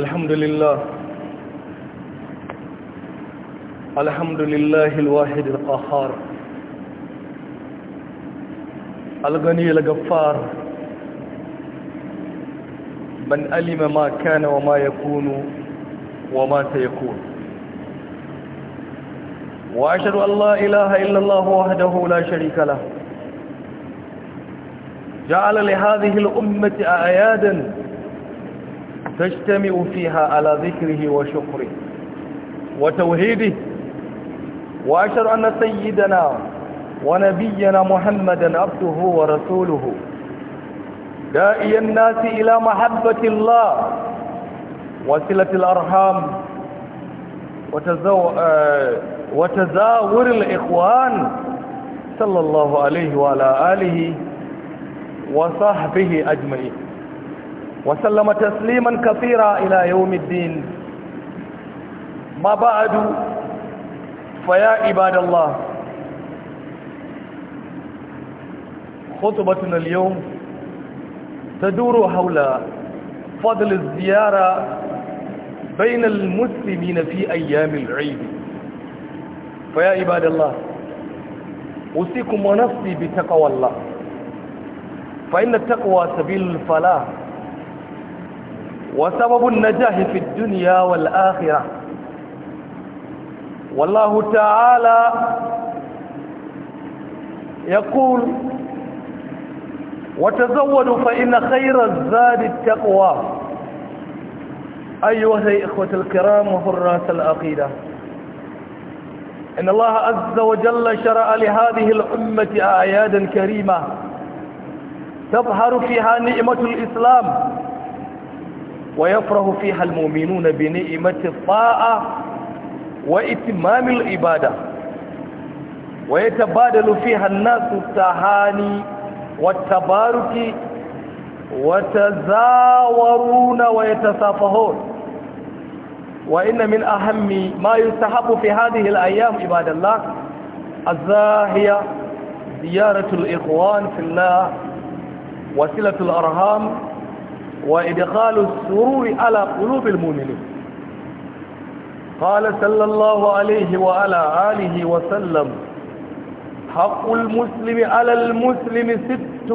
الحمد لله الحمد لله الواحد القهار الغني الغفار من علم ما كان وما يكون وما سيكون واشهد ان لا اله الا الله وحده لا شريك له جعل لهذه الامه اعيادا تجتمع فيها على ذكره وشكره وتوحيده وأشهد أن سيدنا ونبينا محمدا عبده ورسوله دائي الناس إلى محبة الله وصلة الأرحام وتزو... آه، وتزاور الإخوان صلى الله عليه وعلى آله وصحبه أجمعين وسلم تسليما كثيرا إلى يوم الدين ما بعد فيا عباد الله خطبتنا اليوم تدور حول فضل الزيارة بين المسلمين في أيام العيد فيا عباد الله أوصيكم ونفسي بتقوى الله فإن التقوى سبيل الفلاح وسبب النجاح في الدنيا والآخرة والله تعالى يقول وتزودوا فإن خير الزاد التقوى أيها الإخوة الكرام وحراس الأقيدة إن الله عز وجل شرع لهذه الأمة أعيادا كريمة تظهر فيها نعمة الإسلام ويفرح فيها المؤمنون بنعمة الطاعة وإتمام العبادة ويتبادل فيها الناس التهاني والتبارك وتزاورون ويتصافحون وإن من أهم ما يستحب في هذه الأيام عباد الله الزاهية زيارة الإخوان في الله وصلة الأرهام وإدخال السرور على قلوب المؤمنين قال صلى الله عليه وعلى آله وسلم حق المسلم على المسلم ست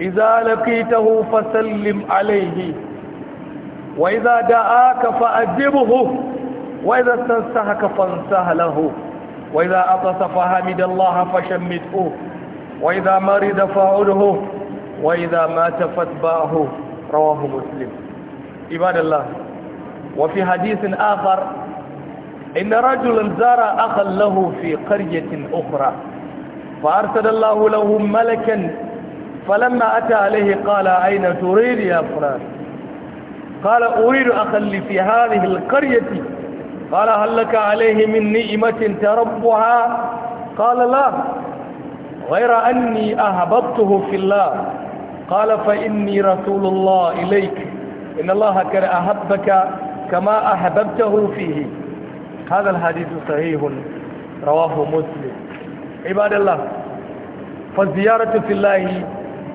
إذا لقيته فسلم عليه وإذا دعاك فأجبه وإذا استنصحك فانصح له وإذا عطس فحمد الله فشمته وإذا مرض فعده وإذا مات فاتبعه رواه مسلم عباد الله وفي حديث آخر إن رجلا زار أخا له في قرية أخرى فأرسل الله له ملكا فلما أتى عليه قال أين تريد يا فلان قال أريد أخا لي في هذه القرية قال هل لك عليه من نعمه تربها قال لا غير أني أهبطته في الله قال فإني رسول الله إليك إن الله كان أحبك كما أحببته فيه هذا الحديث صحيح رواه مسلم عباد الله فالزيارة في الله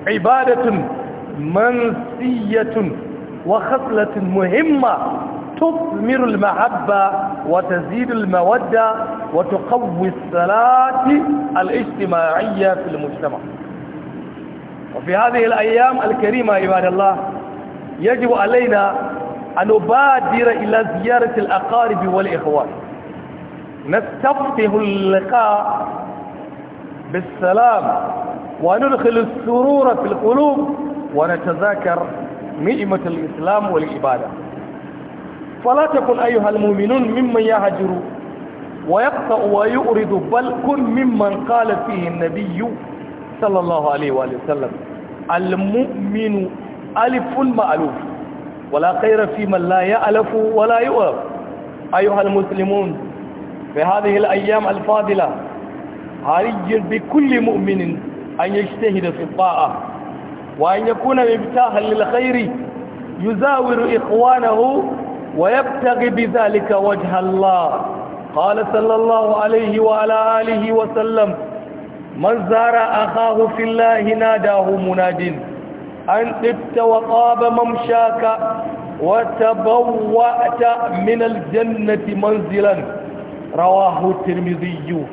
عبادة منسية وخصلة مهمة تثمر المحبة وتزيد المودة وتقوي الصلاة الاجتماعية في المجتمع وفي هذه الأيام الكريمة عباد الله يجب علينا أن نبادر إلى زيارة الأقارب والإخوان نستفتح اللقاء بالسلام وندخل السرور في القلوب ونتذاكر نعمة الإسلام والعبادة فلا تكن أيها المؤمنون ممن يهجر ويقطع ويؤرد بل كن ممن قال فيه النبي صلى الله عليه واله وسلم المؤمن الف مألوف ولا خير في من لا يالف ولا يؤلف ايها المسلمون في هذه الايام الفاضله حري بكل مؤمن ان يجتهد في الطاعه وان يكون مفتاحا للخير يزاور اخوانه ويبتغي بذلك وجه الله قال صلى الله عليه وعلى اله وسلم من زار أخاه في الله ناداه مناد أن طبت وقاب ممشاك وتبوأت من الجنة منزلا رواه الترمذي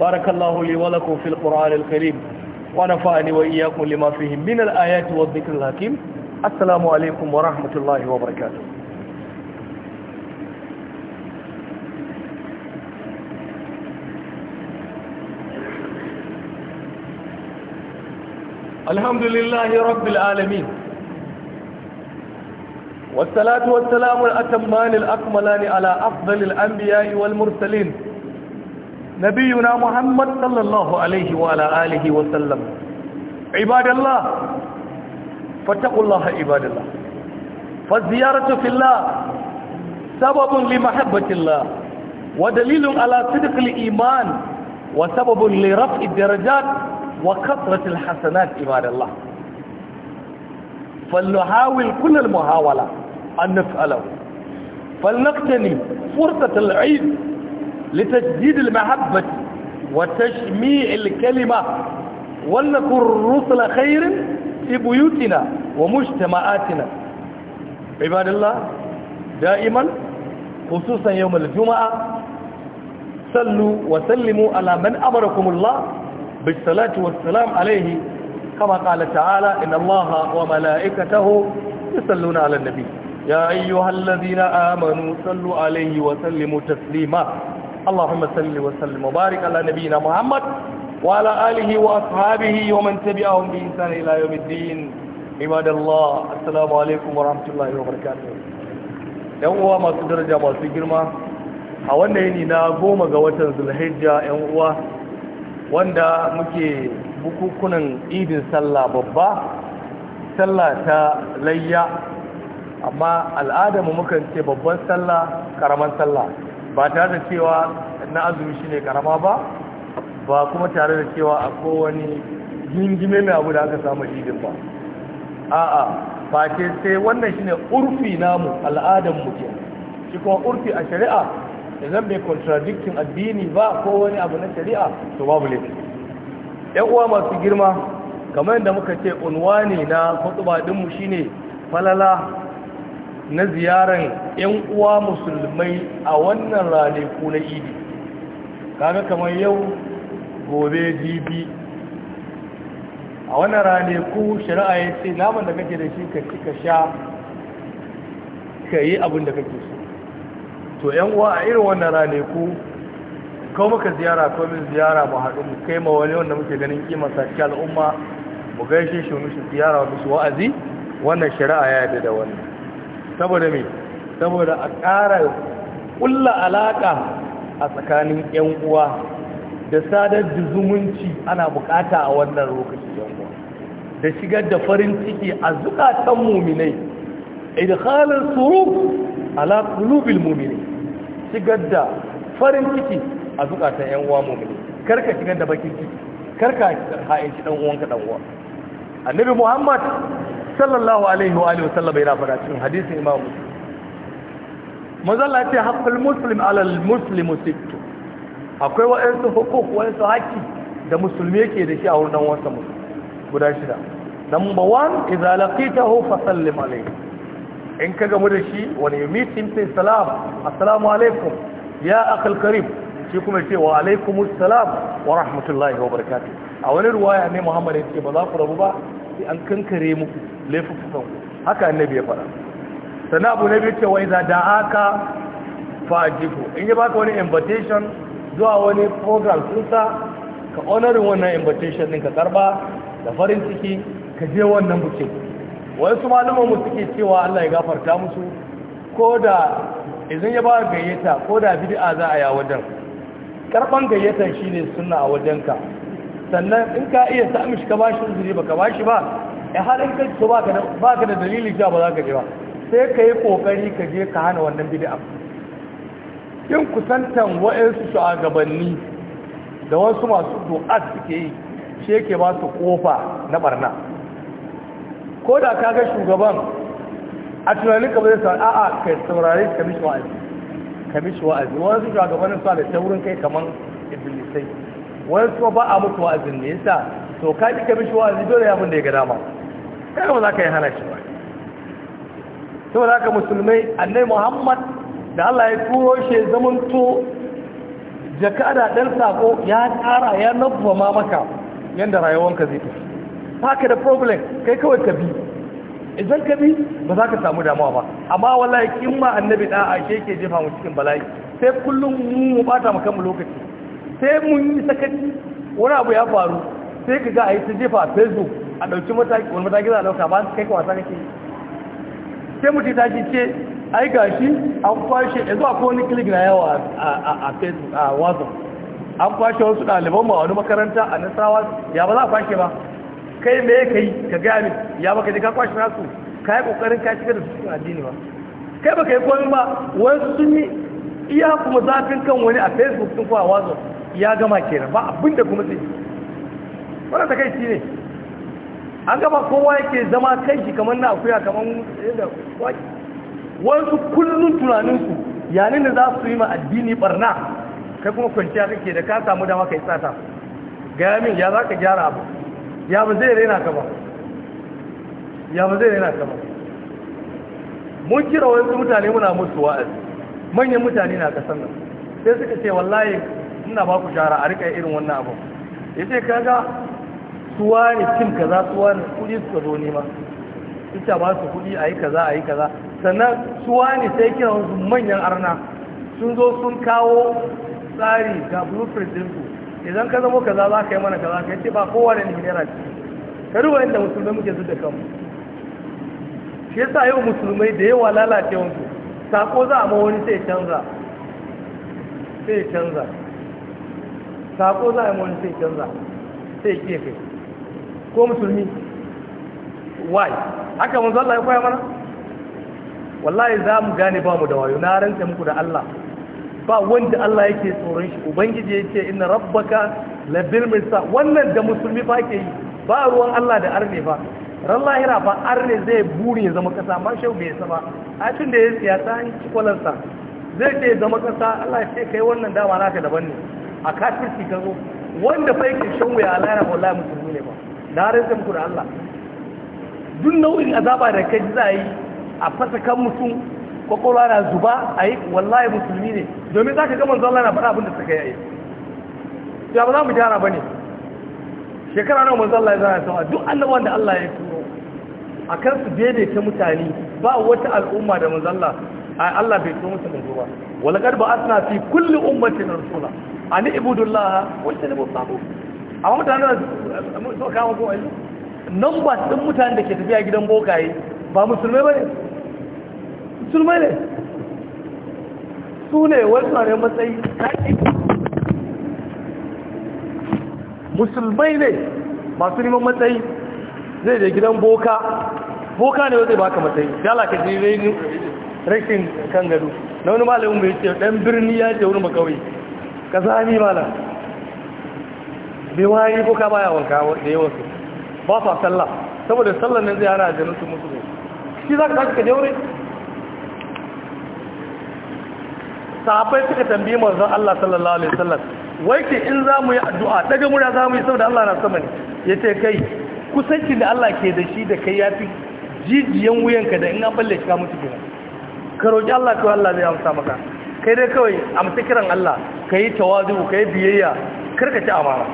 بارك الله لي ولكم في القرآن الكريم ونفعني وإياكم لما فيه من الآيات والذكر الحكيم السلام عليكم ورحمة الله وبركاته الحمد لله رب العالمين والصلاة والسلام الأتمان الأكملان على أفضل الأنبياء والمرسلين نبينا محمد صلى الله عليه وعلى آله وسلم عباد الله فاتقوا الله عباد الله فالزيارة في الله سبب لمحبة الله ودليل على صدق الإيمان وسبب لرفع الدرجات وكثرة الحسنات عباد الله فلنحاول كل المحاولة أن نفعله فلنقتني فرصة العيد لتجديد المحبة وتشميع الكلمة ولنكن رسل خير في بيوتنا ومجتمعاتنا عباد الله دائما خصوصا يوم الجمعة صلوا وسلموا على من أمركم الله بالصلاة والسلام عليه كما قال تعالى إن الله وملائكته يصلون على النبي يا أيها الذين آمنوا صلوا عليه وسلموا تسليما اللهم صل وسلم وبارك على نبينا محمد وعلى آله وأصحابه ومن تبعهم بإنسان إلى يوم الدين عباد الله السلام عليكم ورحمة الله وبركاته yan uwa masu daraja masu girma a wannan yini na goma ga watan zulhijja uwa wanda muke bukukunan idin sallah babba sallah ta layya amma al'adamu mukan ce babban sallah karaman sallah ba tare da cewa na azumi shine karama ba ba kuma tare da cewa a wani gingime mai abu da aka samu idin ba a'a ba ce sai wannan shine urfi namu al'adan mu ke shi kuma urfi a shari'a idan bai contradictin addini ba ko wani abu na shari'a to babu laifi yan uwa masu girma kamar yadda muka ce unwani na kutuba din mu shine falala na ziyaran yan uwa musulmai a wannan rane ko na idi kaga kamar yau gobe jibi a wannan rane ku shari'a ya ce naman da kake da shi ka ci ka sha ka yi abin da kake so to yan uwa a irin wannan rane ku kawo maka ziyara ko min ziyara mu haɗu mu kai ma wani wanda muke ganin kima sa al'umma mu gaishe shi mu ziyara wa su wa'azi wannan shari'a ya yi da wannan saboda me saboda a ƙara ƙulla alaƙa a tsakanin yan uwa da sadar da zumunci ana bukata a wannan lokaci yan uwa da shigar da farin ciki a zukatan muminai idkhalul surur ala kulubil mu'minin shigar da farin ciki a zukatan yan uwa mu'mini karka shigar da bakin ciki karka shi dan uwanka dan uwa annabi muhammad sallallahu alaihi wa alihi wasallam yana fara cikin hadisin imam muslim mazalla ce haqqul muslim ala al muslim sittu akwai wa'ansu hukuk wa'ansu haki da musulmi yake da shi a wurin dan uwansa guda shida number 1 idza laqitahu sallim alaihi in ka gamu da shi wani yi mitin sai salam assalamu alaikum ya akal karim shi kuma ce wa alaikum salam wa rahmatullahi wa a wani ruwaya ne muhammad ya ce ba za ku rabu ba sai an kankare muku laifukan haka annabi ya fara sannan abu na biyu ce wa da aka fajibu in ya baka wani invitation zuwa wani program sun ka honorin wannan invitation ɗin ka karba da farin ciki ka je wannan bukin wasu malaman mu suke cewa Allah ya gafarta musu ko da idan ya ba gayyata ko da bid'a za a yi a wajen karban shi shine sunna a wajenka sannan in ka iya sa shi ka shi uzuri ba bashi ba a halin ka so baka da ka da dalili ja ba za ka je ba sai ka yi kokari ka je ka hana wannan bid'a yin kusantan wa'ansu shugabanni da wasu masu du'a suke yi shi yake ba su kofa na barna ko da ka ga shugaban a tunanin ka bai sa a ka saurari ka mishi wa'azi ka mishi wa'azi wani su shugabannin sa da wurin kai kaman iblisai wani su ba a mutu wa'azin ne yasa to ka ki ka mishi wa'azi dole ya da ya ga dama kai ba za ka yi hana shi ba da ka musulmai annai muhammad da allah ya turo shi to jakada ɗan sako ya tsara ya nabba ma maka yadda rayuwanka zai tafi ba ka da problem kai kawai ka bi idan ka bi ba za ka samu damuwa ba amma wallahi in ma annabi da ake ke jefa mu cikin bala'i sai kullum mu mu bata mu kanmu lokaci sai mun yi sakaci wani abu ya faru sai ka ga a yi ta jefa a facebook a ɗauki mataki wani mataki za a ɗauka ba kai ka wasa kake sai mu ta ce ce ai gashi an kwashe yanzu a wani click na yawa a facebook a whatsapp an kwashe wasu ɗaliban ma wani makaranta a nasarawa ya ba za a kwashe ba kai me ka yi ka gaya min ya baka ji ka kwashe nasu ka yi kokarin ka shiga da su cikin addini ba kai baka yi komai ba wasu sun yi iya kuma zafin kan wani a facebook sun kuwa wazo ya gama kenan ba abin da kuma sai ta takaici ne an gaba kowa yake zama kai shi kamar na akuya kamar yadda waki wasu kullum tunaninsu yanin da za su yi ma addini barna kai kuma kwanciya kake da ka samu dama kai tsata gaya min ya za ka gyara abu ya ba zai raina ka ba ya ba zai raina ka ba mun kira wani mutane muna musu wa'azi manyan mutane na kasan nan sai suka ce wallahi ina ba ku shara a rika irin wannan abu ya ce kaga suwa ne cin kaza suwa ne kudi suka zo nema ita ba su kudi a yi kaza a yi kaza sannan suwa ne sai kira wasu manyan arna sun zo sun kawo tsari ga blueprint ɗinsu idan ka zama kaza za ka yi mana kaza ka ce ba kowa da ne yana ce ka ruwa inda musulmai muke su da kanmu shi yasa yau musulmai da yawa lalace wanzu sako za a ma wani sai canza sai canza sako za a ma wani sai canza sai kefe ko musulmi why haka mun zalla ya koya mana wallahi za mu gane ba mu da wayo na ranta muku da Allah ba wanda Allah yake tsoron shi ubangiji yake inna rabbaka labil mirsa wannan da musulmi fa ke yi ba ruwan Allah da arne ba. ran lahira fa arne zai buri ya zama kasa ma shau bai saba a cikin da ya siyasa an ci kwalansa zai ce zama kasa Allah ya ce kai wannan dama naka daban ne a kafirci ka zo wanda fa yake shan wuya a ya wallahi musulmi ne ba na sai muku da Allah duk nau'in azaba da kai za a yi a fasa mutum kwakwalwa na zuba a yi wallahi musulmi ne domin za ka ga manzo na faɗa abinda da suka yi ya ba za mu gyara ba ne shekara nawa manzo Allah ya zana sama duk annabawan da Allah ya turo a kan su daidaita mutane ba wata al'umma da manzo Allah Allah bai turo wala manzo ba walaqad ba'athna fi kulli na rasula an ibudullah wa tanibu sabu a mutane so kawo ko ayi numbers din mutanen da ke tafiya gidan bokaye ba musulmai ne? musulmai ne su ne wasu ne matsayi kaƙi musulmai ne masu neman matsayi zai da gidan boka boka ne wata baka matsayi dala ka ji rainin rashin kan gado na wani malamin mai ce dan birni ya ce wani makawai ka zami malam bai wani boka baya wanka da yawansu ba su a sallah saboda sallah nan zai hana a janutun musulmi shi za ka tashi ka je Safai suka tambayi manzon Allah sallallahu alaihi wasallam wai ke in za mu yi addu'a daga mura za mu yi saboda Allah na sama ne yace kai kusanci da Allah ke da shi da kai yafi jijiyan wuyanka da in an balle shi ka mutu gida. ka roki Allah kawai Allah zai amsa maka kai dai kawai amsa kiran Allah kai tawazu kai biyayya karka ci amana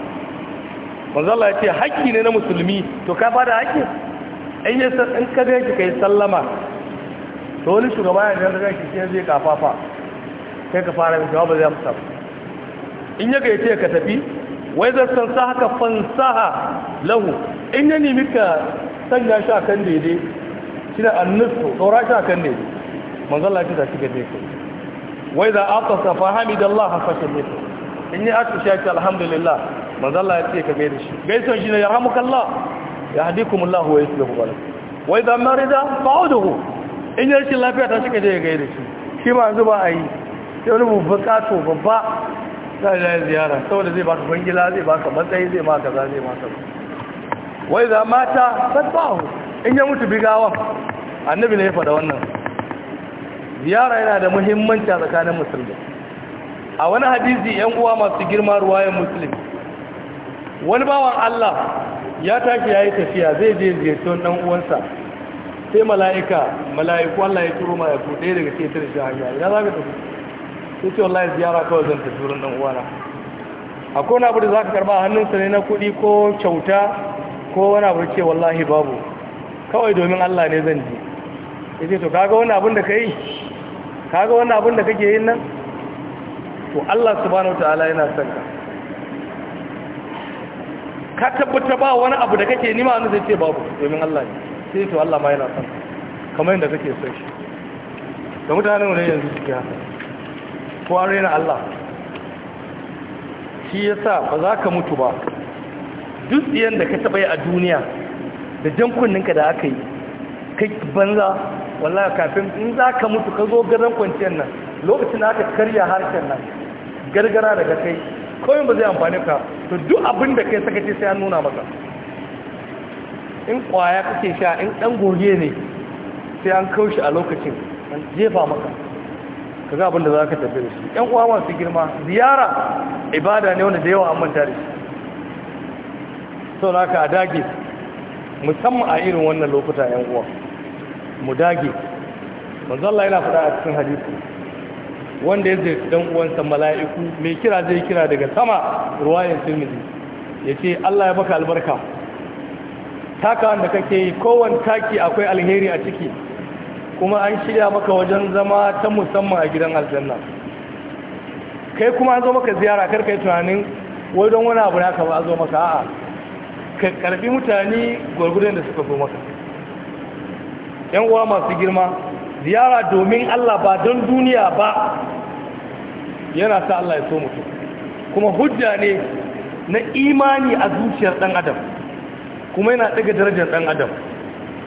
manzon Allah yace haƙƙi ne na musulmi to ka bada haƙƙi in ya san in ka ga ki kai sallama to wani shugaba ya ga shi sai zai kafafa sai ka fara mishi wabar zai amsa in ya ce ka tafi wai zan san sa haka fansaha lahu in ya nemi ka sanya shi kan daidai shi da annisu tsora shi kan daidai manzon lafi ta shiga dai kai wai za a da Allah hafa shi ne in ya aka shi alhamdulillah manzon Allah ya ce ka gaida shi son shi ne ya kalla ya hadikumullah da ku bala wai za da hu in ya rashin lafiya ta shiga daidai gai gaida shi shi ma zuba a yi sai wani to babba za a yi ziyara saboda zai baka bangila zai baka matsayi zai ka za zai ba wai za mata fasfahu in ya mutu bigawa annabi na ya faɗa wannan ziyara yana da muhimmanci a tsakanin musulmi a wani hadisi yan uwa masu girma ruwayen musulmi wani bawan Allah ya tafi ya yi tafiya zai je ziyarci ɗan uwansa sai mala'ika mala'iku Allah ya turo mala'iku ɗaya daga cikin shi hanya ina za ka tafi sai ce wallahi ziyara kawai zan tafi wurin dan uwana akwai wani abu da zaka karba hannunsa ne na kuɗi ko kyauta ko wani abu ce wallahi babu kawai domin Allah ne zan je. yace to kaga wani abun da kai kaga wani abun da kake yin nan to Allah subhanahu wataala yana son ka ka tabbata ba wani abu da kake nima wani zai ce babu domin Allah ne sai to Allah ma yana son ka kamar yadda kake son shi da mutanen ne yanzu suke haka ko na Allah shi ya sa ba za ka mutu ba duk da ka taɓa yi a duniya da jan da aka yi kai banza wallaha kafin in za ka mutu ka zo gadon kwanciyar nan lokacin da aka karya harshen nan gargara daga kai kawai ba zai amfani ka to duk abin da kai ce sai an nuna maka in kwaya kake sha in ɗan goge ne sai an kaushe a lokacin an jefa maka ka ga abin da za ka tafi da shi ‘yan uwa masu girma ziyara ibada ne wanda da yawa an manta da shi sau naka a dage musamman a irin wannan lokuta ‘yan uwa mu dage manzalla yana faɗa a cikin hadisi wanda ya zai dan uwansa mala'iku mai kira zai kira daga sama ruwayan tirmidhi ya ce Allah ya baka albarka taka wanda kake yi kowane taki akwai alheri a ciki kuma an shirya maka wajen zama ta musamman a gidan aljanna kai kuma an zo maka ziyara kar kai tunanin wai don wani abu naka ba zo maka a'a ka karbi mutane gwargwadon da suka zo maka yan uwa masu girma ziyara domin Allah ba don duniya ba yana sa Allah ya so mutum kuma hujja ne na imani a zuciyar dan adam kuma yana daga darajar dan adam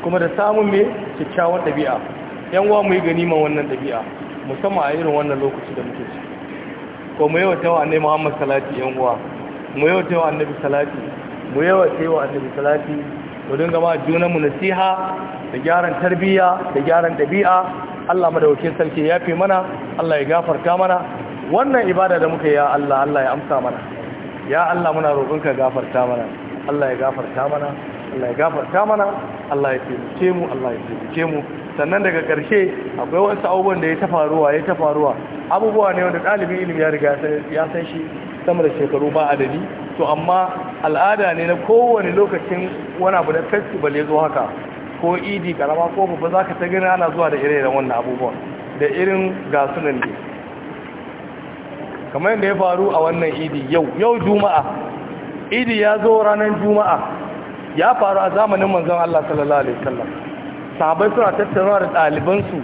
kuma da samun mai kyakkyawar ɗabi'a yan uwa mu yi ganima wannan ɗabi'a musamman a irin wannan lokaci da muke ciki ko mu yawa tawa annabi Muhammad salati yan uwa mu yawa tawa annabi salati mu yawa tawa annabi salati mu dinga ma juna mu nasiha da gyaran tarbiyya da gyaran ɗabi'a Allah madaukakin sarki ya fi mana Allah ya gafarta mana wannan ibada da muka yi ya Allah Allah ya amsa mana ya Allah muna roƙonka gafarta mana Allah ya gafarta mana Allah ya gafarta mana Allah ya fi mu Allah ya fi mu sannan daga ƙarshe akwai wasu abubuwan da ya ta faruwa ya ta faruwa abubuwa ne wanda ɗalibin ilimi ya riga ya san shi sama da shekaru ba adadi to amma al'ada ne na kowane lokacin wani abu na festival ya zo haka ko idi karama ko babba za ka ta gani ana zuwa da irin iren wannan Abubuwa da irin gasunan ne kamar yadda ya faru a wannan idi yau yau juma'a idi ya zo ranar juma'a ya faru a zamanin manzon Allah sallallahu alaihi wasallam sahabai suna tattaruwa da ɗalibansu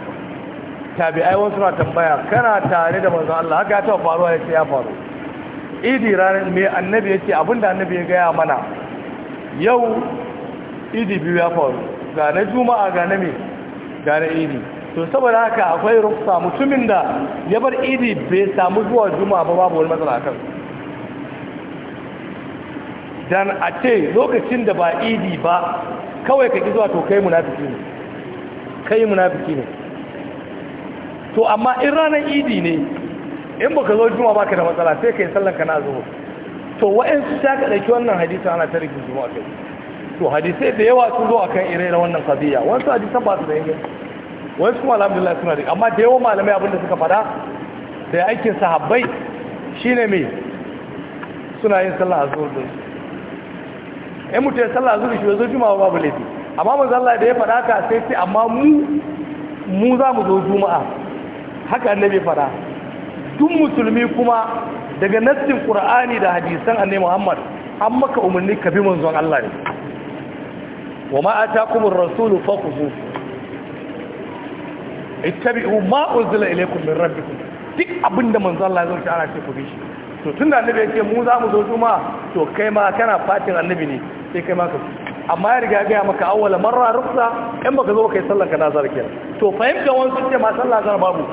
tabi'ai wasu suna tambaya kana tare da manzon Allah haka ya taɓa faruwa ya ce ya faru idi ranar mai annabi ya ce abinda annabi ya gaya mana yau idi biyu ya faru ga juma'a ga na mai ga idi to saboda haka akwai rufsa mutumin da ya bar idi bai samu zuwa juma'a ba babu wani matsala kan dan a ce lokacin da ba idi ba kawai ka ki zuwa to kai munafiki ne kai munafiki ne to amma in ranar idi ne in baka zo juma'a baka da matsala sai kai sallan ka na zo to wa'ansu ta ka ɗauki wannan hadisi ana ta rikin juma'a kai to hadisai da yawa sun zo akan irin wannan qadiya wasu hadisan ba su da yanke. wasu kuma alhamdulillah suna da amma da yawan malamai abinda suka fada da aikin sahabbai shine me suna yin sallah azhur din in mutum ya sallah azhar shi zo juma'a babu laifi amma manzo zalla da ya fada ka sai sai amma mu mu za mu zo juma'a haka annabi faɗa duk musulmi kuma daga nassin qur'ani da hadisan annabi Muhammad an maka umarni ka bi manzon Allah ne wa ma atakumur rasulu faquhu ittabi'u ma unzila ilaykum min rabbikum duk abinda manzon Allah ya tsara ana ce ku bi shi to tunda annabi yake mu za mu zo juma'a to kai ma kana fatin annabi ne sai kai ma ka bi amma ya riga gaya maka awwala marra rufsa in baka zo kai sallar na kenan to fahimta wani sun ce ma sallar zan babu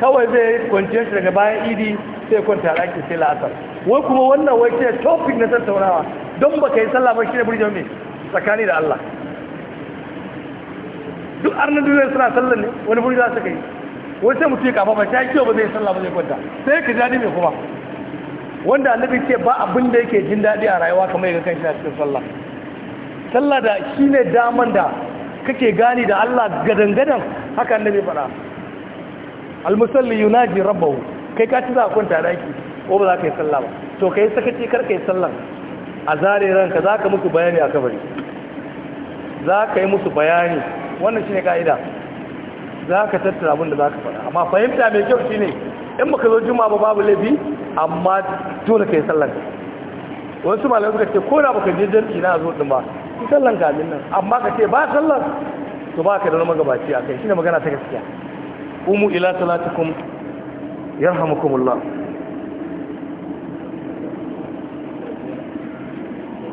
kawai zai kwanciyar shi daga bayan idi sai kwanta ɗaki sai la'asar wai kuma wannan wai ce topic na tattaunawa don baka yi sallah ba shi ne burjan mai tsakani da Allah duk arnan duniyar suna sallar ne wani burjan suka yi wai sai mutum ya kafa ba ta kiyo ba zai sallah ba zai kwanta sai ka jadi mai kuma wanda annabi ce ba abin da yake jin daɗi a rayuwa kamar yaga kan shi a cikin sallah sallah da shi ne daman da kake gani da Allah gadangadan haka mai fara almusalli yunaji rabbahu kai ka ci za ka kwanta daki ko ba za ka yi sallah ba to kai sakaci kar kai sallah a zare ranka za ka musu bayani a kabari za ka yi musu bayani wannan shine ka'ida za ka tattara abin da za ka faɗa amma fahimta mai kyau shine in baka zo juma'a ba babu laifi amma dole kai sallah wasu malamai suka ce ko na baka je jam'i na zo din ba ki sallan kamin nan amma ka ce ba sallar to ba ka da nama magabaci a kai shine magana ta gaskiya umu ila salatikum yarhamukumullah